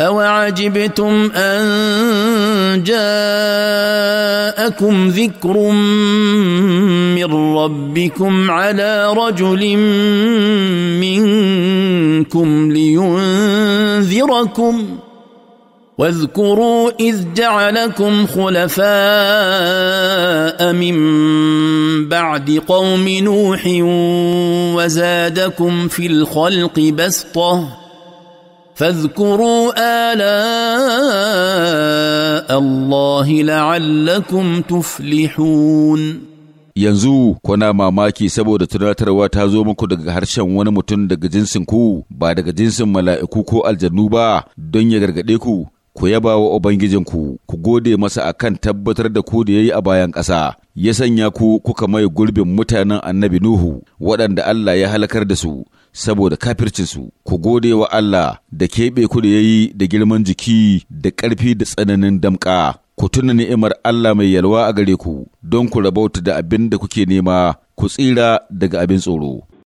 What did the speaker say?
أوعجبتم أن جاءكم ذكر من ربكم على رجل منكم لينذركم واذكروا إذ جعلكم خلفاء من بعد قوم نوح وزادكم في الخلق بسطه فاذكروا آلاء الله لعلكم تفلحون yanzu kuna mamaki saboda tunatarwa ta zo muku daga harshen wani mutum daga jinsin ku ba daga jinsin mala'iku ko aljannu ba don ya gargaɗe ku ku yaba wa Ubangijinku, ku gode masa akan tabbatar da ku da ya yi a bayan ƙasa. ya sanya ku kuka mai gurbin mutanen annabi Nuhu waɗanda Allah ya halakar da su saboda kafircinsu, ku gode wa Allah da keɓe ku da ya yi da girman jiki da ƙarfi da tsananin damƙa, ku tuna ni'imar Allah mai yalwa a gare ku don ku rabauta da abin da kuke nema, ku tsira daga abin tsoro.